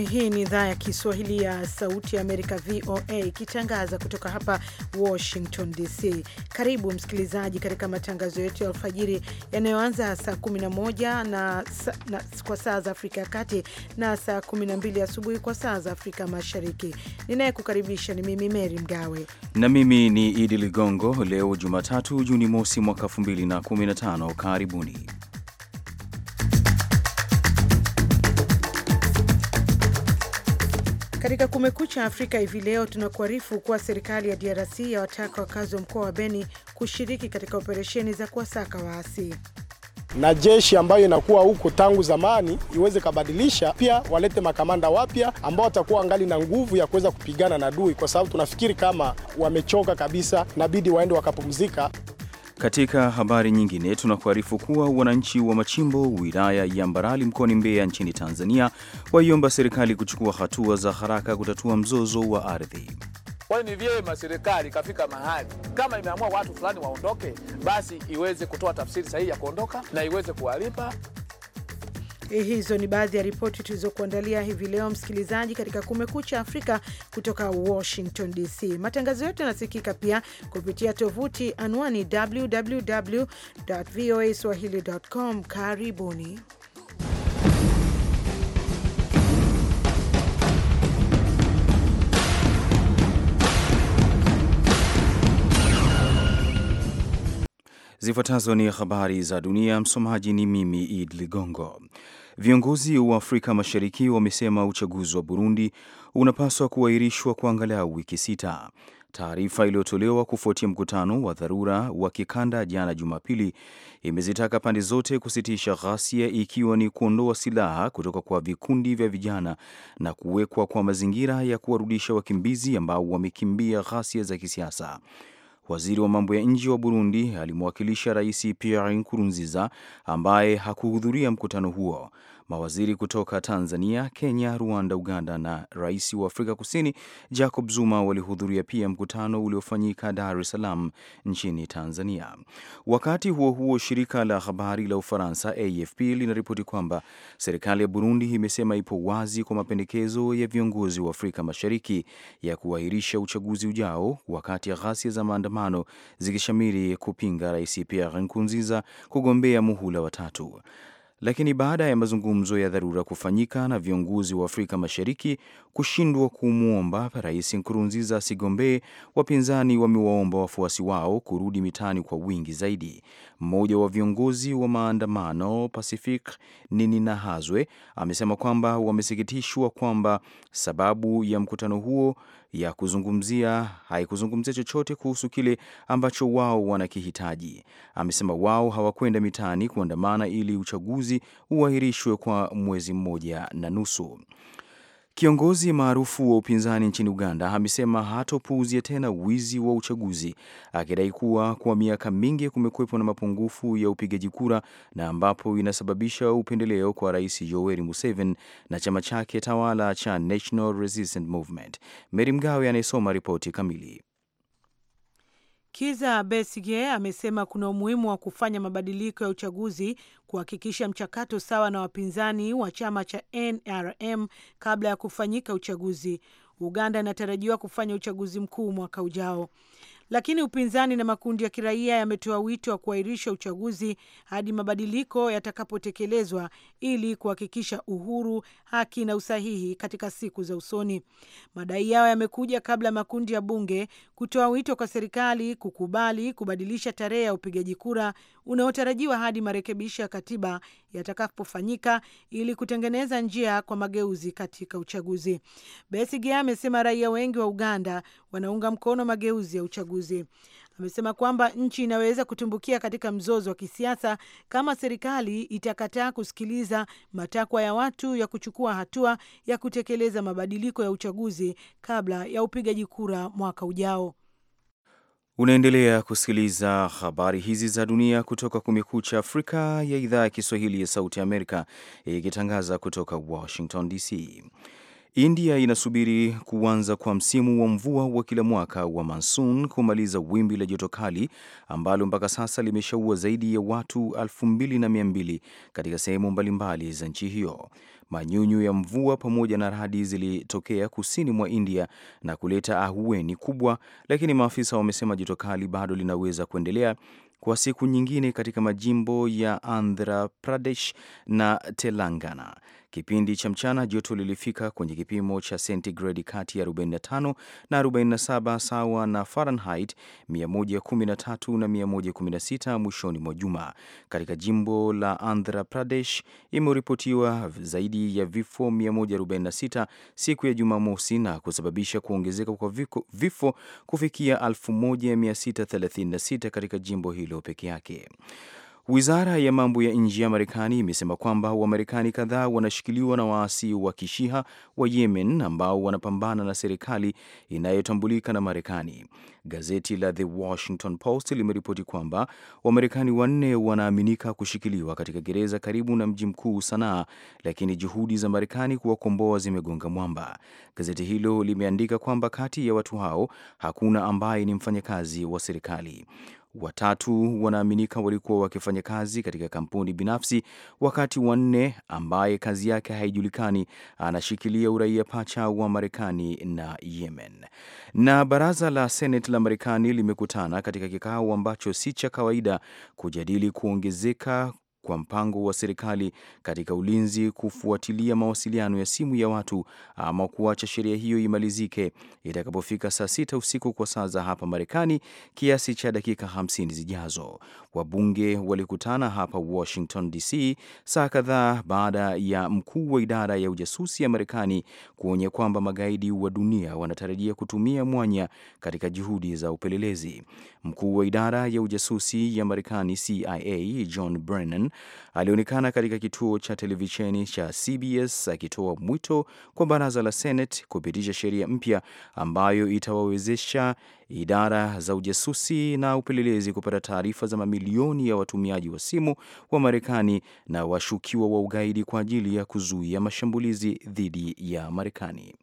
Hii ni idhaa ya Kiswahili ya Sauti ya Amerika, VOA, ikitangaza kutoka hapa Washington DC. Karibu msikilizaji katika matangazo yetu ya alfajiri yanayoanza saa 11 na, na, kwa saa za Afrika ya Kati na saa 12 asubuhi kwa saa za Afrika Mashariki. Ninayekukaribisha ni mimi Meri Mgawe na mimi ni Idi Ligongo. Leo Jumatatu, Juni mosi mwaka 2015. Karibuni. Katika Kumekucha Afrika hivi leo tunakuarifu kuwa serikali ya DRC yawataka wakazi wa mkoa wa Beni kushiriki katika operesheni za kuwasaka waasi na jeshi ambayo inakuwa huko tangu zamani iweze kabadilisha, pia walete makamanda wapya ambao watakuwa angali na nguvu ya kuweza kupigana na adui, kwa sababu tunafikiri kama wamechoka kabisa, nabidi waende wakapumzika. Katika habari nyingine, tunakuarifu kuwa wananchi wa Machimbo, wilaya ya Mbarali mkoani Mbeya nchini Tanzania, waiomba serikali kuchukua hatua za haraka kutatua mzozo wa ardhi. Kwa hiyo ni vyema serikali ikafika mahali kama imeamua watu fulani waondoke, basi iweze kutoa tafsiri sahihi ya kuondoka na iweze kuwalipa Hizo ni baadhi ya ripoti tulizokuandalia hivi leo, msikilizaji, katika Kumekucha Afrika kutoka Washington DC. Matangazo yetu yanasikika pia kupitia tovuti anwani www voa swahili.com. Karibuni. Zifuatazo ni habari za dunia. Msomaji ni mimi Id Ligongo. Viongozi wa Afrika Mashariki wamesema uchaguzi wa Burundi unapaswa kuahirishwa kwa angalau wiki sita. Taarifa iliyotolewa kufuatia mkutano wa dharura wa kikanda jana Jumapili imezitaka pande zote kusitisha ghasia, ikiwa ni kuondoa silaha kutoka kwa vikundi vya vijana na kuwekwa kwa mazingira ya kuwarudisha wakimbizi ambao wamekimbia ghasia za kisiasa. Waziri wa mambo ya nje wa Burundi alimwakilisha Rais Pierre Nkurunziza ambaye hakuhudhuria mkutano huo. Mawaziri kutoka Tanzania, Kenya, Rwanda, Uganda na rais wa Afrika Kusini Jacob Zuma walihudhuria pia mkutano uliofanyika Dar es Salaam nchini Tanzania. Wakati huo huo, shirika la habari la Ufaransa AFP linaripoti kwamba serikali ya Burundi imesema ipo wazi kwa mapendekezo ya viongozi wa Afrika Mashariki ya kuahirisha uchaguzi ujao, wakati ya ghasia za maandamano zikishamiri kupinga Rais Pierre Nkurunziza kugombea muhula watatu lakini baada ya mazungumzo ya dharura kufanyika na viongozi wa Afrika Mashariki kushindwa kumwomba Rais Nkurunziza asigombee, wapinzani wamewaomba wafuasi wao kurudi mitaani kwa wingi zaidi. Mmoja wa viongozi wa maandamano Pacific Nininahazwe amesema kwamba wamesikitishwa kwamba sababu ya mkutano huo ya kuzungumzia haikuzungumzia chochote kuhusu kile ambacho wao wanakihitaji. Amesema wao hawakwenda mitaani kuandamana ili uchaguzi uahirishwe kwa mwezi mmoja na nusu. Kiongozi maarufu wa upinzani nchini Uganda amesema hatopuuzia tena wizi wa uchaguzi, akidai kuwa kwa miaka mingi kumekuwepo na mapungufu ya upigaji kura na ambapo inasababisha upendeleo kwa Rais Yoweri Museveni na chama chake tawala cha National Resistance Movement. Meri Mgawe anayesoma ripoti kamili. Kiza Besige amesema kuna umuhimu wa kufanya mabadiliko ya uchaguzi kuhakikisha mchakato sawa na wapinzani wa chama cha NRM kabla ya kufanyika uchaguzi. Uganda inatarajiwa kufanya uchaguzi mkuu mwaka ujao lakini upinzani na makundi ya kiraia yametoa wito wa kuahirisha uchaguzi hadi mabadiliko yatakapotekelezwa ili kuhakikisha uhuru, haki na usahihi katika siku za usoni. Madai yao yamekuja kabla ya makundi ya bunge kutoa wito kwa serikali kukubali kubadilisha tarehe ya upigaji kura unaotarajiwa hadi marekebisho ya katiba yatakapofanyika ili kutengeneza njia kwa mageuzi katika uchaguzi. Besigye amesema raia wengi wa Uganda wanaunga mkono mageuzi ya uchaguzi. Amesema kwamba nchi inaweza kutumbukia katika mzozo wa kisiasa kama serikali itakataa kusikiliza matakwa ya watu ya kuchukua hatua ya kutekeleza mabadiliko ya uchaguzi kabla ya upigaji kura mwaka ujao. Unaendelea kusikiliza habari hizi za dunia kutoka Kumekucha Afrika ya idhaa ya Kiswahili ya Sauti Amerika ikitangaza kutoka Washington DC. India inasubiri kuanza kwa msimu wa mvua wa kila mwaka wa monsoon kumaliza wimbi la joto kali ambalo mpaka sasa limeshaua zaidi ya watu 2200 katika sehemu mbalimbali za nchi hiyo. Manyunyu ya mvua pamoja na radi zilitokea kusini mwa India na kuleta ahueni kubwa, lakini maafisa wamesema joto kali bado linaweza kuendelea kwa siku nyingine katika majimbo ya Andhra Pradesh na Telangana. Kipindi cha mchana joto lilifika kwenye kipimo cha sentigredi kati ya 45 na 47 sawa na Fahrenheit 113 na 116 mwishoni mwa juma. Katika jimbo la Andhra Pradesh imeripotiwa zaidi ya vifo 146 siku ya Jumamosi na kusababisha kuongezeka kwa vifo kufikia 1636 katika jimbo hilo peke yake. Wizara ya mambo ya nje ya Marekani imesema kwamba Wamarekani kadhaa wanashikiliwa na waasi wa kishiha wa Yemen ambao wanapambana na serikali inayotambulika na Marekani. Gazeti la The Washington Post limeripoti kwamba Wamarekani wanne wanaaminika kushikiliwa katika gereza karibu na mji mkuu Sanaa, lakini juhudi za Marekani kuwakomboa zimegonga mwamba. Gazeti hilo limeandika kwamba kati ya watu hao hakuna ambaye ni mfanyakazi wa serikali watatu wanaaminika walikuwa wakifanya kazi katika kampuni binafsi, wakati wanne ambaye kazi yake haijulikani anashikilia uraia pacha wa Marekani na Yemen. Na baraza la senet la Marekani limekutana katika kikao ambacho si cha kawaida kujadili kuongezeka kwa mpango wa serikali katika ulinzi kufuatilia mawasiliano ya simu ya watu ama kuacha sheria hiyo imalizike itakapofika saa sita usiku kwa saa za hapa Marekani, kiasi cha dakika 50 zijazo. Wabunge walikutana hapa Washington DC saa kadhaa baada ya mkuu wa idara ya ujasusi ya Marekani kuonya kwamba magaidi wa dunia wanatarajia kutumia mwanya katika juhudi za upelelezi. Mkuu wa idara ya ujasusi ya Marekani CIA John Brennan alionekana katika kituo cha televisheni cha CBS akitoa mwito kwa baraza la Senate kupitisha sheria mpya ambayo itawawezesha idara za ujasusi na upelelezi kupata taarifa za mamilioni ya watumiaji wa simu wa Marekani na washukiwa wa ugaidi kwa ajili ya kuzuia mashambulizi dhidi ya Marekani.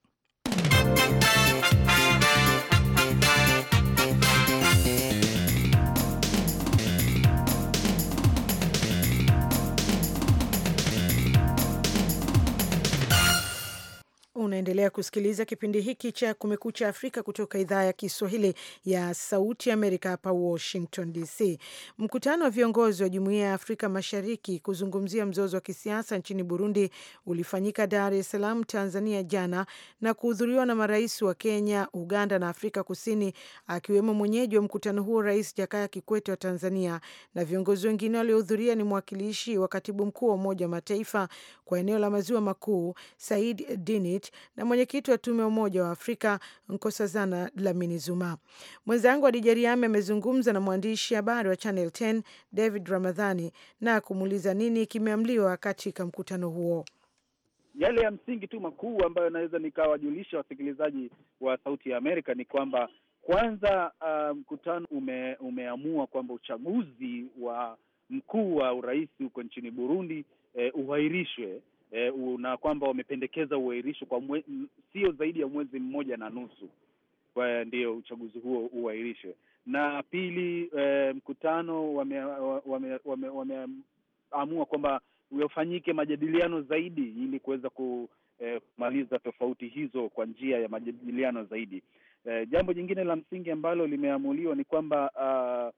unaendelea kusikiliza kipindi hiki cha Kumekucha Afrika kutoka idhaa ya Kiswahili ya Sauti Amerika hapa Washington DC. Mkutano wa viongozi wa Jumuiya ya Afrika Mashariki kuzungumzia mzozo wa kisiasa nchini Burundi ulifanyika Dar es Salaam, Tanzania jana na kuhudhuriwa na marais wa Kenya, Uganda na Afrika Kusini, akiwemo mwenyeji wa mkutano huo Rais Jakaya Kikwete wa Tanzania, na viongozi wengine waliohudhuria ni mwakilishi wa katibu mkuu wa Umoja wa Mataifa kwa eneo la Maziwa Makuu Said Dinit na mwenyekiti wa tume ya Umoja wa Afrika Nkosazana Dlamini Zuma. Mwenzangu Adija Riami amezungumza na mwandishi habari wa Channel 10 David Ramadhani na kumuuliza nini kimeamliwa katika mkutano huo. Yale ya msingi tu makuu ambayo naweza nikawajulisha wasikilizaji wa Sauti ya Amerika ni kwamba kwanza, uh, mkutano um, ume, umeamua kwamba uchaguzi wa mkuu wa urais huko nchini Burundi eh, uhairishwe e, eh, na kwamba wamependekeza uahirisho kwa mwe, sio zaidi ya mwezi mmoja na nusu kwa uchaguzi huo uahirishwe. Na pili, e, mkutano wameamua wame, wame, wame kwamba ufanyike majadiliano zaidi ili kuweza eh, kumaliza e, tofauti hizo kwa njia ya majadiliano zaidi. E, jambo jingine la msingi ambalo limeamuliwa ni kwamba uh,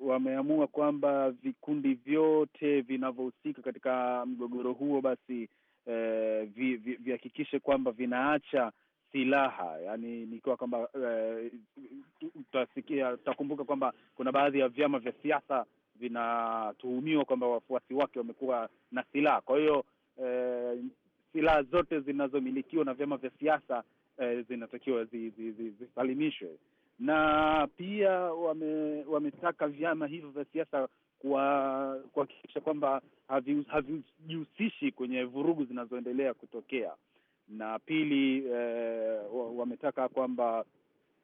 wameamua kwamba vikundi vyote vinavyohusika katika mgogoro huo basi eh, vihakikishe vi, vi kwamba vinaacha silaha yani nikiwa kwamba eh, tutasikia kwamba kuna baadhi ya vyama vya siasa vinatuhumiwa kwamba wafuasi wake wamekuwa na silaha. Kwa hiyo eh, silaha zote zinazomilikiwa na vyama vya siasa eh, zinatakiwa zisalimishwe zi, zi, zi, na pia wame, wametaka vyama hivyo vya siasa kuhakikisha kwa kwamba havijihusishi kwenye vurugu zinazoendelea kutokea, na pili eh, wametaka kwamba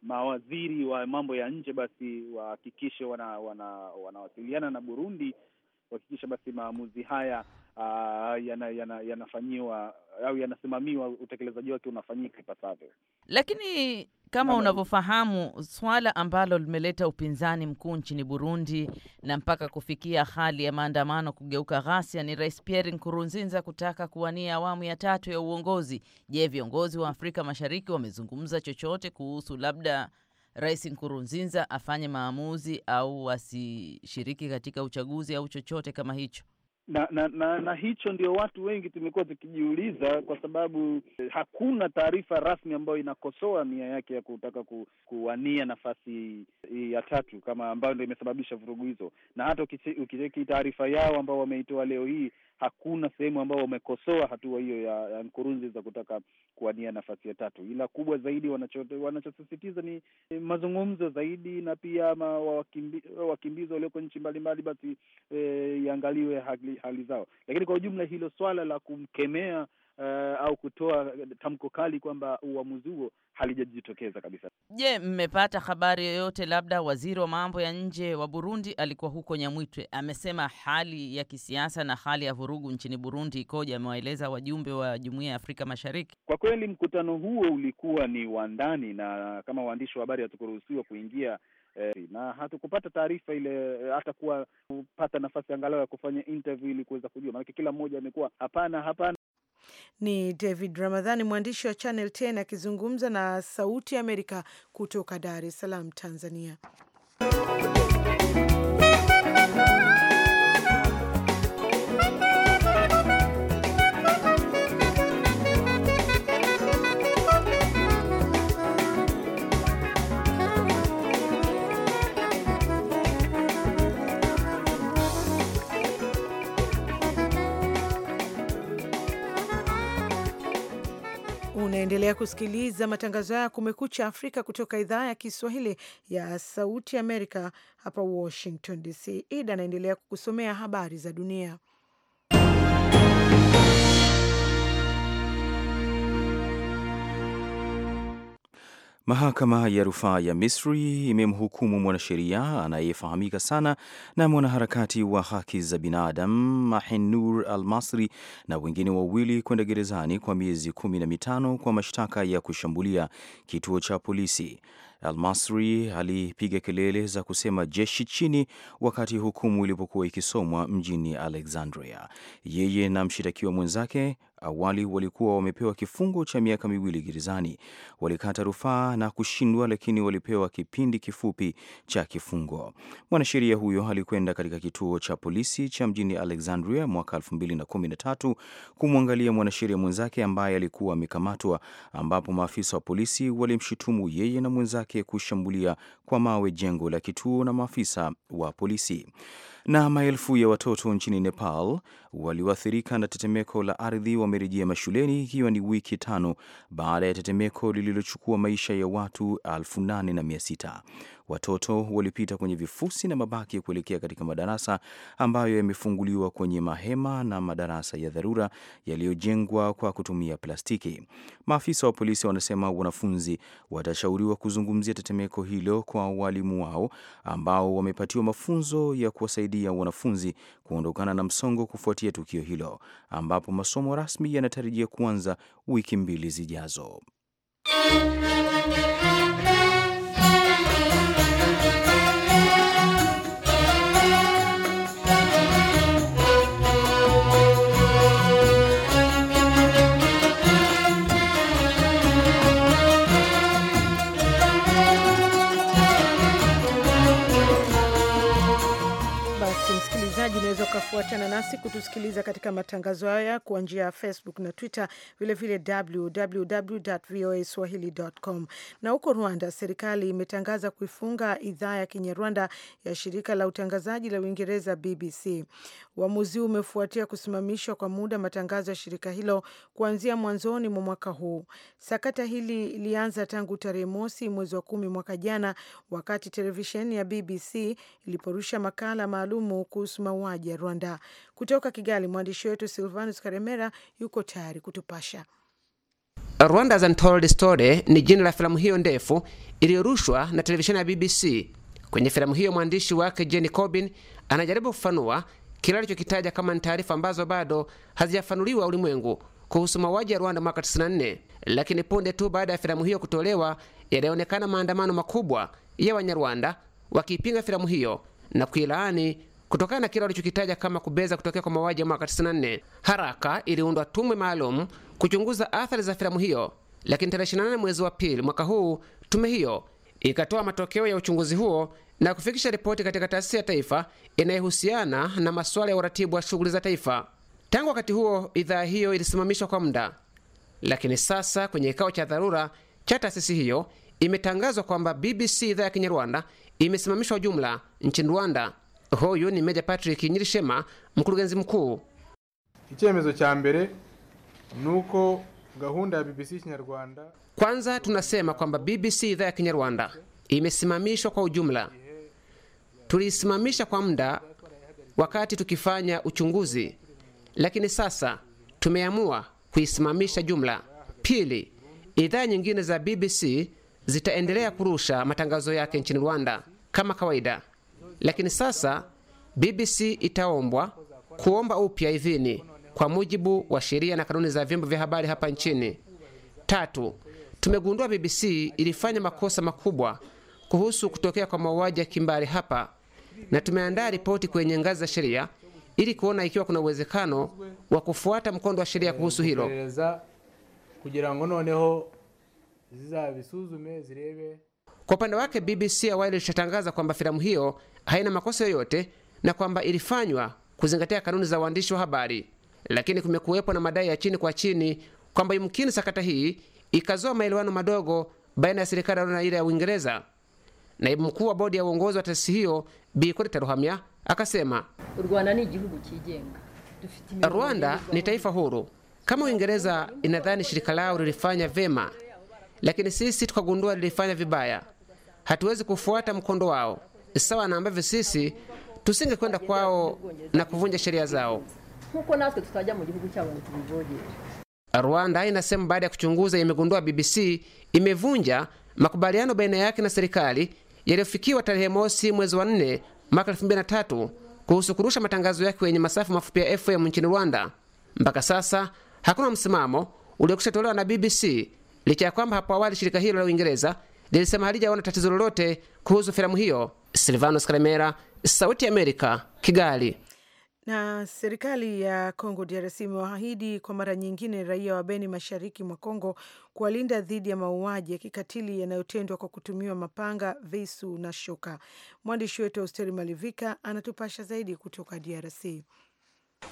mawaziri wa mambo ya nje basi wahakikishe wana, wana, wanawasiliana na Burundi kuhakikisha basi maamuzi haya uh, ah, yanafanyiwa yana, yana au yanasimamiwa, utekelezaji wake unafanyika ipasavyo. Lakini kama unavyofahamu, swala ambalo limeleta upinzani mkuu nchini Burundi na mpaka kufikia hali ya maandamano kugeuka ghasia ni Rais Pierre Nkurunziza kutaka kuwania awamu ya tatu ya uongozi. Je, viongozi wa Afrika Mashariki wamezungumza chochote kuhusu labda Rais Nkurunziza afanye maamuzi au asishiriki katika uchaguzi au chochote kama hicho? na na, na na hicho ndio watu wengi tumekuwa tukijiuliza, kwa sababu eh, hakuna taarifa rasmi ambayo inakosoa nia yake ya kutaka ku, kuwania nafasi ya tatu kama ambayo ndo imesababisha vurugu hizo, na hata ukicheki taarifa yao ambao wameitoa leo hii hakuna sehemu ambao wamekosoa hatua hiyo ya, ya za kutaka kuwania nafasi ya tatu, ila kubwa zaidi wanachosisitiza ni eh, mazungumzo zaidi, na pia ma wakimbi, wakimbizi walioko nchi mbalimbali basi eh, iangaliwe e, hali, hali zao. Lakini kwa ujumla hilo swala la kumkemea uh, au kutoa tamko kali kwamba uamuzi huo halijajitokeza kabisa. Je, mmepata habari yoyote? Labda waziri wa mambo ya nje wa Burundi alikuwa huko Nyamwitwe, amesema hali ya kisiasa na hali ya vurugu nchini Burundi ikoje? Amewaeleza wajumbe wa Jumuiya ya Afrika Mashariki. Kwa kweli mkutano huo ulikuwa ni wa ndani, na kama waandishi wa habari hatukuruhusiwa kuingia eh, na hatukupata taarifa ile eh, hata kuwa kupata nafasi angalau ya kufanya interview ili kuweza kujua, maanake kila mmoja amekuwa hapana hapana. Ni David Ramadhani, mwandishi wa Channel 10 akizungumza na Sauti Amerika kutoka Dar es Salaam, Tanzania. Unaendelea kusikiliza matangazo haya Kumekucha Afrika kutoka idhaa ya Kiswahili ya Sauti Amerika hapa Washington DC. Ida anaendelea kukusomea habari za dunia. Mahakama ya rufaa ya Misri imemhukumu mwanasheria anayefahamika sana na mwanaharakati wa haki za binadamu Mahenur Al Masri na wengine wawili kwenda gerezani kwa miezi kumi na mitano kwa mashtaka ya kushambulia kituo cha polisi. Almasri alipiga kelele za kusema jeshi chini wakati hukumu ilipokuwa ikisomwa mjini Alexandria. Yeye na mshitakiwa mwenzake awali walikuwa wamepewa kifungo cha miaka miwili gerezani. Walikata rufaa na kushindwa, lakini walipewa kipindi kifupi cha kifungo. Mwanasheria huyo alikwenda katika kituo cha polisi cha mjini Alexandria mwaka 2013 kumwangalia mwanasheria mwenzake ambaye alikuwa amekamatwa, ambapo maafisa wa polisi walimshutumu yeye na mwenzake kushambulia kwa mawe jengo la kituo na maafisa wa polisi. Na maelfu ya watoto nchini Nepal walioathirika na tetemeko la ardhi wamerejea mashuleni ikiwa ni wiki tano baada ya tetemeko lililochukua maisha ya watu elfu na Watoto walipita kwenye vifusi na mabaki ya kuelekea katika madarasa ambayo yamefunguliwa kwenye mahema na madarasa ya dharura yaliyojengwa kwa kutumia plastiki. Maafisa wa polisi wanasema wanafunzi watashauriwa kuzungumzia tetemeko hilo kwa walimu wao ambao wamepatiwa mafunzo ya kuwasaidia wanafunzi kuondokana na msongo kufuatia tukio hilo ambapo masomo rasmi yanatarajia kuanza wiki mbili zijazo. Fuatana nasi kutusikiliza katika matangazo haya kwa njia ya Facebook na Twitter, vilevile swahilicom Na huko Rwanda, serikali imetangaza kuifunga idhaa ya Kinyarwanda ya shirika la utangazaji la Uingereza, BBC. Uamuzi huu umefuatia kusimamishwa kwa muda matangazo ya shirika hilo kuanzia mwanzoni mwa mwaka huu. Sakata hili ilianza tangu tarehe mosi mwezi wa kumi mwaka jana, wakati televisheni ya BBC iliporusha makala maalumu kuhusu mauaji ya Rwanda. Kutoka Kigali, mwandishi wetu Silvanus Karemera yuko tayari kutupasha. Rwanda's Untold Story ni jina la filamu hiyo ndefu iliyorushwa na televisheni ya BBC. Kwenye filamu hiyo mwandishi wake jeni Corbin anajaribu kufanua kile alichokitaja kama ni taarifa ambazo bado hazijafanuliwa ulimwengu kuhusu mauaji ya Rwanda mwaka 94, lakini punde tu baada ya filamu hiyo kutolewa, yalionekana maandamano makubwa ya Wanyarwanda wakiipinga filamu hiyo na kuilaani kutokana na kile walichokitaja kama kubeza kutokea kwa mauaji ya mwaka 94. Haraka iliundwa tume maalum kuchunguza athari za filamu hiyo, lakini tarehe 28 mwezi wa pili mwaka huu tume hiyo ikatoa matokeo ya uchunguzi huo na kufikisha ripoti katika taasisi ya taifa inayohusiana na masuala ya uratibu wa shughuli za taifa. Tangu wakati huo idhaa hiyo ilisimamishwa kwa muda, lakini sasa kwenye kikao cha dharura cha taasisi hiyo imetangazwa kwamba BBC idhaa ya Kinyarwanda imesimamishwa jumla nchini Rwanda. Huyu ni Meja Patrick Nyirishema, mkurugenzi mkuu. Icyemezo cha mbere nuko gahunda ya BBC Kinyarwanda. Kwanza tunasema kwamba BBC idhaa ya Kinyarwanda imesimamishwa kwa ujumla tuliisimamisha kwa muda wakati tukifanya uchunguzi, lakini sasa tumeamua kuisimamisha jumla. Pili, idhaa nyingine za BBC zitaendelea kurusha matangazo yake nchini Rwanda kama kawaida, lakini sasa BBC itaombwa kuomba upya idhini kwa mujibu wa sheria na kanuni za vyombo vya habari hapa nchini. Tatu, tumegundua BBC ilifanya makosa makubwa kuhusu kutokea kwa mauaji ya kimbari hapa na tumeandaa ripoti kwenye ngazi za sheria ili kuona ikiwa kuna uwezekano wa kufuata mkondo wa sheria kuhusu hilo. Kwa upande wake, BBC awali ilishatangaza kwamba filamu hiyo haina makosa yoyote na kwamba ilifanywa kuzingatia kanuni za uandishi wa habari, lakini kumekuwepo na madai ya chini kwa chini kwamba yumkini sakata hii ikazoa maelewano madogo baina ya serikali ya Rwanda na ile ya Uingereza. Naibu mkuu wa bodi ya uongozi wa taasisi hiyo Bi Ruhamya akasema Rwanda ni taifa huru. Kama Uingereza inadhani shirika lao lilifanya vema lakini sisi tukagundua lilifanya vibaya, hatuwezi kufuata mkondo wao, sawa na ambavyo sisi tusingekwenda kwao na kuvunja sheria zao. Rwanda inasema baada ya kuchunguza imegundua BBC imevunja makubaliano baina yake na serikali yaliyofikiwa tarehe mosi mwezi wa nne mwaka elfu mbili na tatu kuhusu kurusha matangazo yake yenye masafa mafupi ya FM nchini Rwanda. Mpaka sasa hakuna msimamo uliokwisha tolewa na BBC licha ya kwamba hapo awali shirika hilo la Uingereza lilisema halijaona tatizo lolote kuhusu filamu hiyo. Silvanos Karemera, Sauti ya Amerika, Kigali. Na serikali ya Kongo DRC imewaahidi kwa mara nyingine raia wa Beni, mashariki mwa Kongo, kuwalinda dhidi ya mauaji ya kikatili yanayotendwa kwa kutumiwa mapanga, visu na shoka. Mwandishi wetu Austeri Malivika anatupasha zaidi kutoka DRC.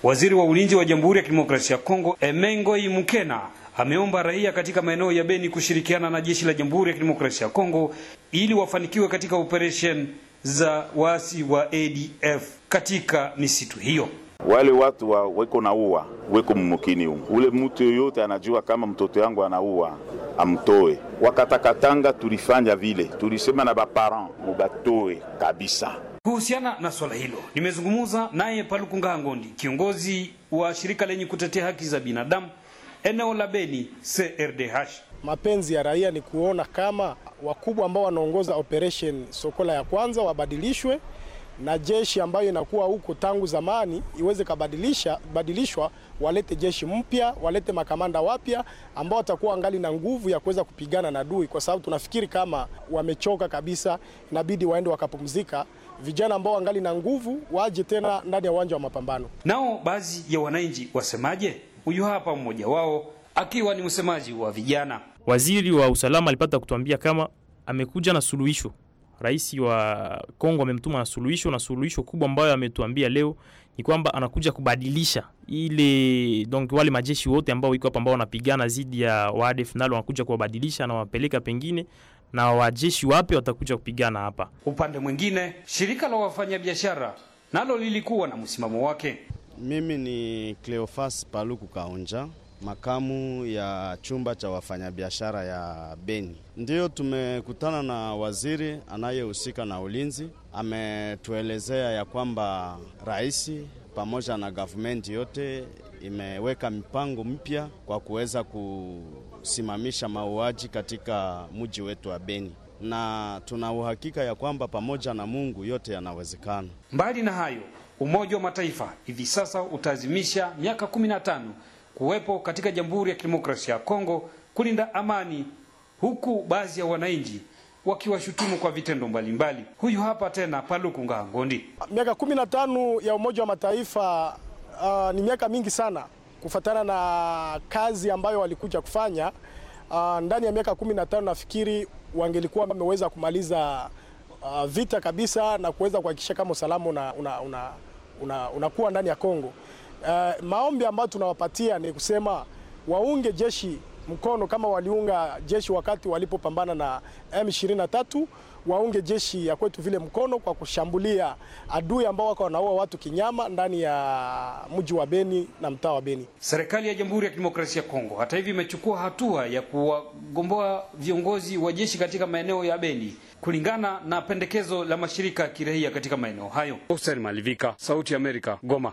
Waziri wa ulinzi wa Jamhuri ya Kidemokrasia ya Kongo Emengoi Mukena ameomba raia katika maeneo ya Beni kushirikiana na jeshi la Jamhuri ya Kidemokrasia ya Kongo ili wafanikiwe katika operesheni za wasi wa ADF katika misitu hiyo. Wale watu wa weko naua weko mmukini umu, ule mtu yoyote anajua kama mtoto yangu anaua amtoe. Wakatakatanga tulifanya vile, tulisema na baparan mubatoe kabisa. Kuhusiana na swala hilo nimezungumza naye Paluku Ngahangondi, kiongozi wa shirika lenye kutetea haki za binadamu eneo la Beni CRDH. Mapenzi ya raia ni kuona kama wakubwa ambao wanaongoza operation Sokola ya kwanza wabadilishwe na jeshi ambayo inakuwa huko tangu zamani iweze kabadilisha badilishwa, walete jeshi mpya, walete makamanda wapya ambao watakuwa angali na nguvu ya kuweza kupigana na adui, kwa sababu tunafikiri kama wamechoka kabisa, inabidi waende wakapumzika. Vijana ambao angali na nguvu waje tena ndani ya uwanja wa mapambano. Nao baadhi ya wananchi wasemaje? Huyu hapa mmoja wao akiwa ni msemaji wa vijana. Waziri wa usalama alipata kutuambia kama amekuja na suluhisho. Rais wa Kongo amemtuma na suluhisho, na suluhisho kubwa ambayo ametuambia leo ni kwamba anakuja kubadilisha ile donc, wale majeshi wote ambao iko hapa ambao wanapigana zidi ya ADF nalo wanakuja kuwabadilisha na wapeleka pengine na wajeshi wapya watakuja kupigana hapa. Upande mwingine, shirika la wafanyabiashara nalo lilikuwa na msimamo wake. Mimi ni Cleofas Paluku Kaonja makamu ya chumba cha wafanyabiashara ya Beni. Ndiyo tumekutana na waziri anayehusika na ulinzi, ametuelezea ya kwamba rais pamoja na gavumenti yote imeweka mipango mpya kwa kuweza kusimamisha mauaji katika mji wetu wa Beni na tuna uhakika ya kwamba pamoja na Mungu yote yanawezekana. Mbali na hayo, Umoja wa Mataifa hivi sasa utaazimisha miaka tano kuwepo katika Jamhuri ya Kidemokrasia ya Kongo kulinda amani, huku baadhi ya wananchi wakiwashutumu kwa vitendo mbalimbali Huyu hapa tena Paluku ngangondi Miaka kumi na tano ya Umoja wa Mataifa uh, ni miaka mingi sana kufatana na kazi ambayo walikuja kufanya uh, ndani ya miaka kumi na tano nafikiri wangelikuwa wameweza kumaliza uh, vita kabisa na kuweza kuhakikisha kama usalama unakuwa una, una, una ndani ya Kongo. Uh, maombi ambayo tunawapatia ni kusema waunge jeshi mkono kama waliunga jeshi wakati walipopambana na M23, waunge jeshi ya kwetu vile mkono kwa kushambulia adui ambao wako wanaua watu kinyama ndani ya mji wa Beni na mtaa wa Beni. Serikali ya Jamhuri ya Kidemokrasia ya Kongo hata hivi imechukua hatua ya kuwagomboa viongozi wa jeshi katika maeneo ya Beni kulingana na pendekezo la mashirika ya kiraia katika maeneo hayo. Hussein Malivika, Sauti ya Amerika, Goma.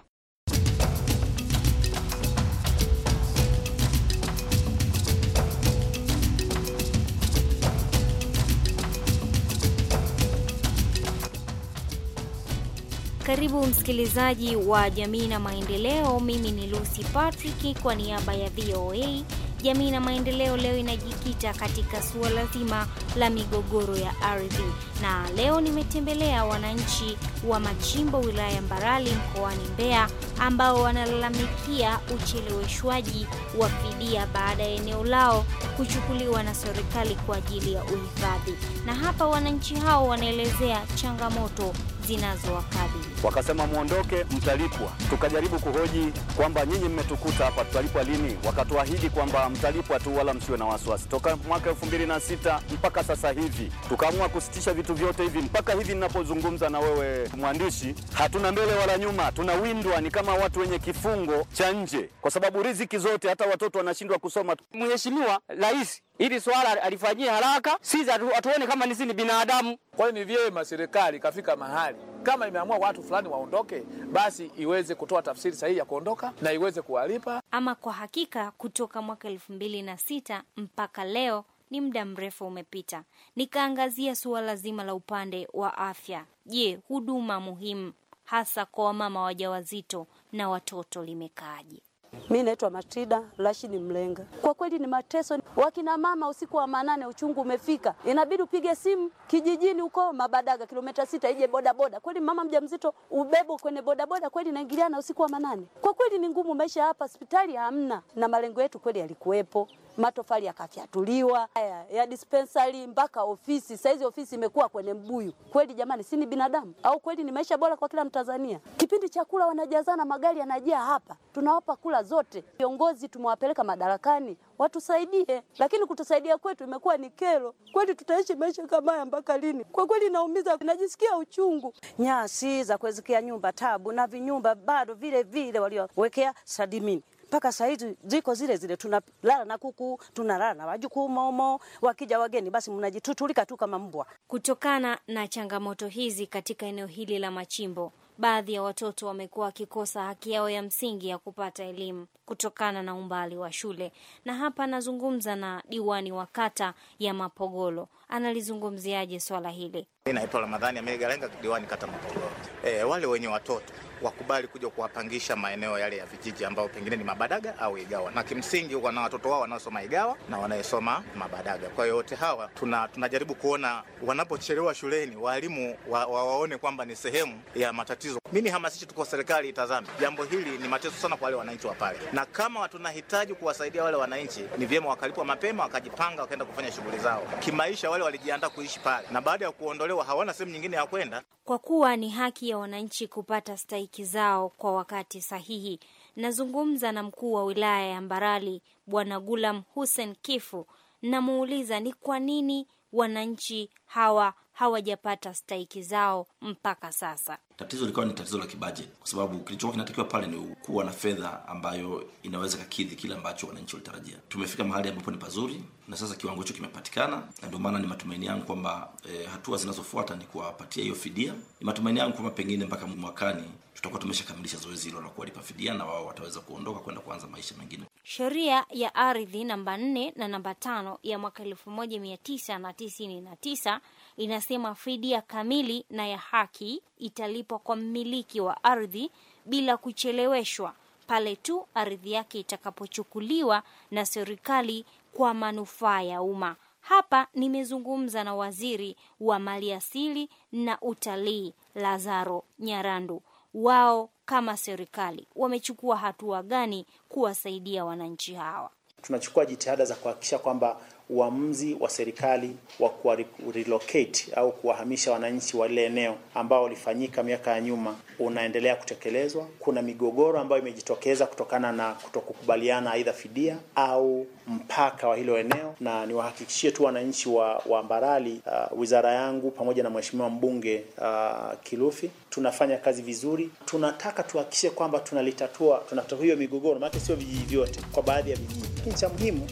Karibu msikilizaji wa Jamii na Maendeleo. Mimi ni Lucy Patrick kwa niaba ya VOA. Jamii na Maendeleo leo inajikita katika suala zima la migogoro ya ardhi, na leo nimetembelea wananchi wa Machimbo wilaya ya Mbarali mkoani Mbeya ambao wanalalamikia ucheleweshwaji wa fidia baada ya eneo lao kuchukuliwa na serikali kwa ajili ya uhifadhi. Na hapa wananchi hao wanaelezea changamoto zinazowakabili. Wakasema mwondoke, mtalipwa. Tukajaribu kuhoji kwamba nyinyi mmetukuta hapa, tutalipwa lini? Wakatuahidi kwamba mtalipwa tu, wala msiwe na wasiwasi. Toka mwaka elfu mbili na sita mpaka sasa hivi tukaamua kusitisha vitu vyote hivi. Mpaka hivi ninapozungumza na wewe mwandishi, hatuna mbele wala nyuma, tunawindwa ni kama watu wenye kifungo cha nje, kwa sababu riziki zote, hata watoto wanashindwa kusoma. Mheshimiwa Rais ili swala alifanyie haraka, sisi hatuone kama nisi ni binadamu. Kwa hiyo ni vyema serikali ikafika mahali kama imeamua watu fulani waondoke, basi iweze kutoa tafsiri sahihi ya kuondoka na iweze kuwalipa. Ama kwa hakika, kutoka mwaka elfu mbili na sita mpaka leo ni muda mrefu umepita. Nikaangazia suala zima la upande wa afya. Je, huduma muhimu hasa kwa wamama wajawazito na watoto limekaaje? Mi naitwa Matrida rashini Mlenga. Kwa kweli ni mateso, wakina mama, usiku wa manane, uchungu umefika, inabidi upige simu kijijini huko Mabadaga, kilomita sita, ije bodaboda. Kweli mama mjamzito ubebo kwenye bodaboda, kweli naingiliana usiku wa manane. Kwa kweli ni ngumu maisha hapa, hospitali hamna, na malengo yetu kweli yalikuwepo matofali yakafyatuliwa ya, ya dispensari mpaka ofisi. Saizi ofisi imekuwa kwenye mbuyu. Kweli jamani, si ni binadamu au kweli ni maisha bora kwa kila Mtanzania? Kipindi cha kula wanajazana, magari yanajaa hapa, tunawapa kula zote. Viongozi tumewapeleka madarakani watusaidie, lakini kutusaidia kwetu imekuwa ni kero. Kweli tutaishi maisha kama haya mpaka lini? Kwa kweli inaumiza, najisikia uchungu. Nyasi za kuwezekea nyumba tabu na vinyumba bado vile vile waliowekea sadimini mpaka saa hizi ziko zile zile, tunalala na kuku, tunalala na wajukuu momo. Wakija wageni, basi mnajitutulika tu kama mbwa. Kutokana na changamoto hizi katika eneo hili la Machimbo, baadhi ya watoto wamekuwa wakikosa haki yao ya msingi ya kupata elimu kutokana na umbali wa shule. Na hapa anazungumza na diwani wa kata ya Mapogolo, analizungumziaje swala hili? Naitwa Ramadhani Ameli Galenga, diwani kata Mapogolo. E, eh, wale wenye watoto wakubali kuja kuwapangisha maeneo yale ya vijiji ambayo pengine ni Mabadaga au Igawa, na kimsingi wana watoto wao wanaosoma Igawa na wanayesoma Mabadaga. Kwa hiyo wote hawa tuna, tunajaribu kuona wanapochelewa shuleni walimu wa, wa, waone kwamba ni sehemu ya matatizo. Mimi hamasishi tuko serikali itazame jambo hili, ni mateso sana kwa wale wananchi wa pale, na kama tunahitaji kuwasaidia wale wananchi, ni vyema wakalipwa mapema, wakajipanga, wakaenda kufanya shughuli zao kimaisha. Wale walijiandaa kuishi pale, na baada ya kuondolewa hawana sehemu nyingine ya kwenda, kwa kuwa ni haki ya wananchi kupata stahiki haki zao kwa wakati sahihi. Nazungumza na mkuu wa wilaya ya Mbarali Bwana Gulam Hussein Kifu, namuuliza ni kwa nini wananchi hawa hawajapata stahiki zao mpaka sasa. Tatizo likawa ni tatizo la kibajeti, kwa sababu kilichokuwa kinatakiwa pale ni kuwa na fedha ambayo inaweza kakidhi kile ambacho wananchi walitarajia. Tumefika mahali ambapo ni pazuri, na sasa kiwango hicho kimepatikana, na ndio maana ni matumaini yangu kwamba e, hatua zinazofuata ni kuwapatia hiyo fidia. Ni matumaini yangu kwamba pengine mpaka mwakani tutakuwa tumeshakamilisha zoezi hilo la kuwalipa fidia, na wao wataweza kuondoka kwenda kuanza maisha mengine. Sheria ya ardhi namba nne na namba tano ya mwaka tisa inasema fidia kamili na ya haki italipwa kwa mmiliki wa ardhi bila kucheleweshwa pale tu ardhi yake itakapochukuliwa na serikali kwa manufaa ya umma. Hapa nimezungumza na waziri wa maliasili na utalii Lazaro Nyarandu. Wao kama serikali wamechukua hatua gani kuwasaidia wananchi hawa? Tunachukua jitihada za kuhakikisha kwamba uamuzi wa serikali wa kuwa relocate au kuwahamisha wananchi wa eneo ambao ulifanyika miaka ya nyuma unaendelea kutekelezwa. Kuna migogoro ambayo imejitokeza kutokana na kutokukubaliana aidha fidia au mpaka wa hilo eneo, na niwahakikishie tu wananchi wa, wa Mbarali uh, wizara yangu pamoja na mheshimiwa mbunge uh, Kilufi tunafanya kazi vizuri. Tunataka tuhakikishe kwamba tunalitatua tunatatua hiyo migogoro, maana sio vijiji vyote, kwa baadhi ya vijiji, lakini cha muhimu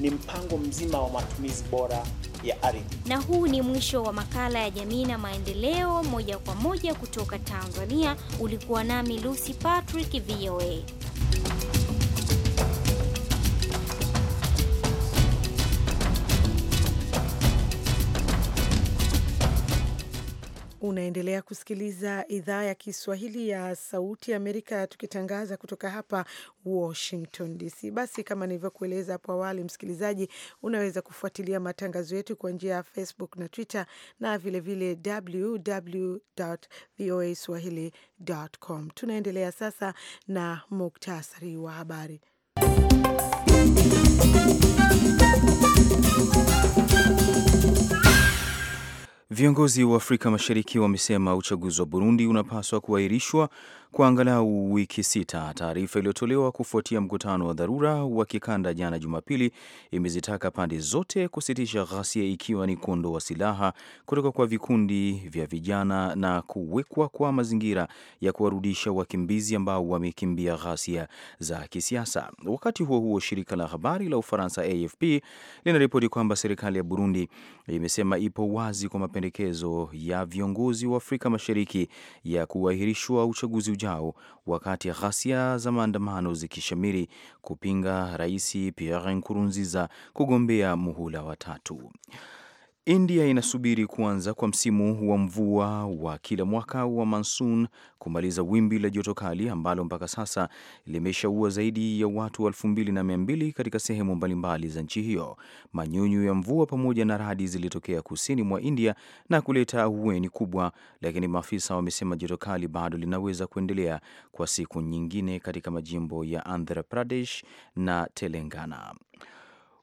ni mpango mzima wa matumizi bora ya ardhi. Na huu ni mwisho wa makala ya jamii na maendeleo moja kwa moja kutoka Tanzania. Ulikuwa nami Lucy Patrick, VOA. Unaendelea kusikiliza idhaa ya Kiswahili ya Sauti Amerika, tukitangaza kutoka hapa Washington DC. Basi kama nilivyokueleza hapo awali, msikilizaji, unaweza kufuatilia matangazo yetu kwa njia ya Facebook na Twitter na vilevile www.voaswahili.com. Tunaendelea sasa na muktasari wa habari. Viongozi wa Afrika Mashariki wamesema uchaguzi wa Burundi unapaswa kuahirishwa kwa angalau wiki sita. Taarifa iliyotolewa kufuatia mkutano wa dharura wa kikanda jana Jumapili imezitaka pande zote kusitisha ghasia, ikiwa ni kuondoa silaha kutoka kwa vikundi vya vijana na kuwekwa kwa mazingira ya kuwarudisha wakimbizi ambao wamekimbia ghasia za kisiasa. Wakati huo huo, shirika la habari la Ufaransa AFP linaripoti kwamba serikali ya Burundi imesema ipo wazi kwa mapendekezo ya viongozi wa Afrika Mashariki ya kuahirishwa uchaguzi ujao wakati ghasia za maandamano zikishamiri kupinga Rais Pierre Nkurunziza kugombea muhula wa tatu. India inasubiri kuanza kwa msimu wa mvua wa kila mwaka wa monsoon kumaliza wimbi la joto kali ambalo mpaka sasa limeshaua zaidi ya watu 22 katika sehemu mbalimbali za nchi hiyo. Manyunyu ya mvua pamoja na radi zilitokea kusini mwa India na kuleta ahueni kubwa, lakini maafisa wamesema joto kali bado linaweza kuendelea kwa siku nyingine katika majimbo ya Andhra Pradesh na Telangana.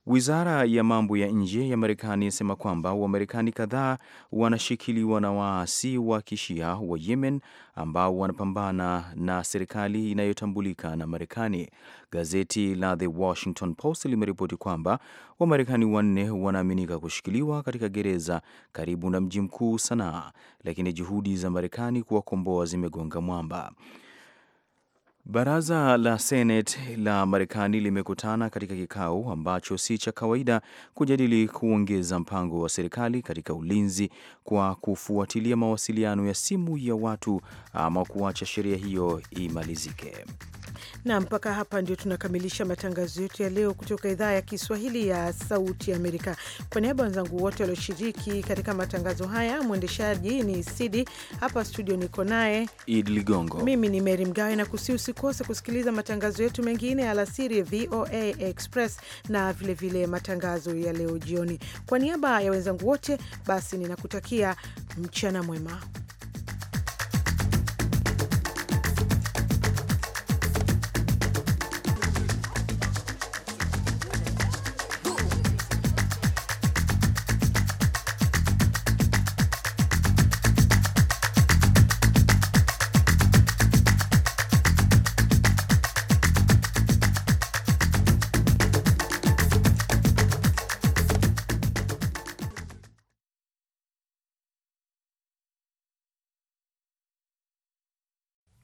Wizara ya mambo ya nje ya Marekani inasema kwamba Wamarekani kadhaa wanashikiliwa na waasi wa kishia wa Yemen ambao wanapambana na serikali inayotambulika na Marekani. Gazeti la The Washington Post limeripoti kwamba Wamarekani wanne wanaaminika kushikiliwa katika gereza karibu na mji mkuu Sanaa, lakini juhudi za Marekani kuwakomboa zimegonga mwamba. Baraza la senet la Marekani limekutana katika kikao ambacho si cha kawaida kujadili kuongeza mpango wa serikali katika ulinzi kwa kufuatilia mawasiliano ya simu ya watu ama kuacha sheria hiyo imalizike. Na mpaka hapa ndio tunakamilisha matangazo yetu ya leo kutoka idhaa ya Kiswahili ya Sauti ya Amerika. Kwa niaba wenzangu wote walioshiriki katika matangazo haya, mwendeshaji ni Sidi, hapa studio niko naye Idi Ligongo, mimi ni Meri Mgawe na kusiusi usikose kusikiliza matangazo yetu mengine ya alasiri ya VOA Express na vilevile vile matangazo ya leo jioni. Kwa niaba ya wenzangu wote, basi ninakutakia mchana mwema.